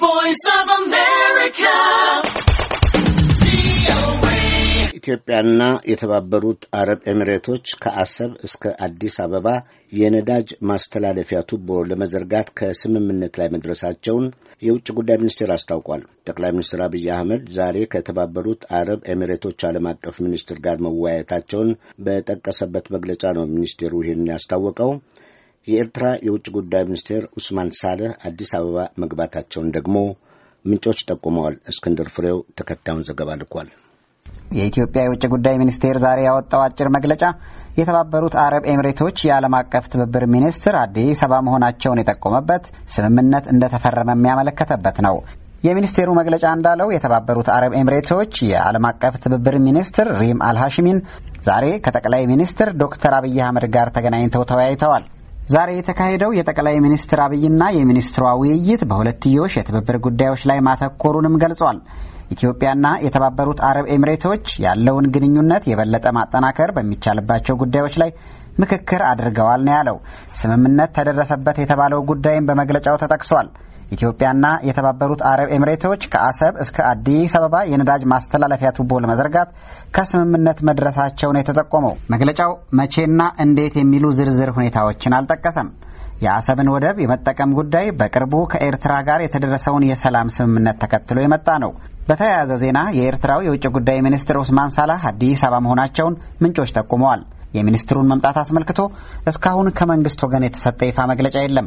ቮይስ ኢትዮጵያና የተባበሩት አረብ ኤሚሬቶች ከአሰብ እስከ አዲስ አበባ የነዳጅ ማስተላለፊያ ቱቦ ለመዘርጋት ከስምምነት ላይ መድረሳቸውን የውጭ ጉዳይ ሚኒስቴር አስታውቋል። ጠቅላይ ሚኒስትር አብይ አህመድ ዛሬ ከተባበሩት አረብ ኤሚሬቶች ዓለም አቀፍ ሚኒስትር ጋር መወያየታቸውን በጠቀሰበት መግለጫ ነው ሚኒስቴሩ ይህን ያስታወቀው። የኤርትራ የውጭ ጉዳይ ሚኒስቴር ኡስማን ሳልህ አዲስ አበባ መግባታቸውን ደግሞ ምንጮች ጠቁመዋል። እስክንድር ፍሬው ተከታዩን ዘገባ ልኳል። የኢትዮጵያ የውጭ ጉዳይ ሚኒስቴር ዛሬ ያወጣው አጭር መግለጫ የተባበሩት አረብ ኤምሬቶች የዓለም አቀፍ ትብብር ሚኒስትር አዲስ አበባ መሆናቸውን የጠቆመበት ስምምነት እንደተፈረመ የሚያመለከተበት ነው። የሚኒስቴሩ መግለጫ እንዳለው የተባበሩት አረብ ኤምሬቶች የዓለም አቀፍ ትብብር ሚኒስትር ሪም አልሃሽሚን ዛሬ ከጠቅላይ ሚኒስትር ዶክተር አብይ አህመድ ጋር ተገናኝተው ተወያይተዋል። ዛሬ የተካሄደው የጠቅላይ ሚኒስትር አብይና የሚኒስትሯ ውይይት በሁለትዮሽ የትብብር ጉዳዮች ላይ ማተኮሩንም ገልጿል። ኢትዮጵያና የተባበሩት አረብ ኤሚሬቶች ያለውን ግንኙነት የበለጠ ማጠናከር በሚቻልባቸው ጉዳዮች ላይ ምክክር አድርገዋል ነው ያለው። ስምምነት ተደረሰበት የተባለው ጉዳይም በመግለጫው ተጠቅሷል። ኢትዮጵያና የተባበሩት አረብ ኤምሬቶች ከአሰብ እስከ አዲስ አበባ የነዳጅ ማስተላለፊያ ቱቦ ለመዘርጋት ከስምምነት መድረሳቸው ነው የተጠቆመው። መግለጫው መቼና እንዴት የሚሉ ዝርዝር ሁኔታዎችን አልጠቀሰም። የአሰብን ወደብ የመጠቀም ጉዳይ በቅርቡ ከኤርትራ ጋር የተደረሰውን የሰላም ስምምነት ተከትሎ የመጣ ነው። በተያያዘ ዜና የኤርትራው የውጭ ጉዳይ ሚኒስትር ኡስማን ሳላህ አዲስ አበባ መሆናቸውን ምንጮች ጠቁመዋል። የሚኒስትሩን መምጣት አስመልክቶ እስካሁን ከመንግስት ወገን የተሰጠ ይፋ መግለጫ የለም።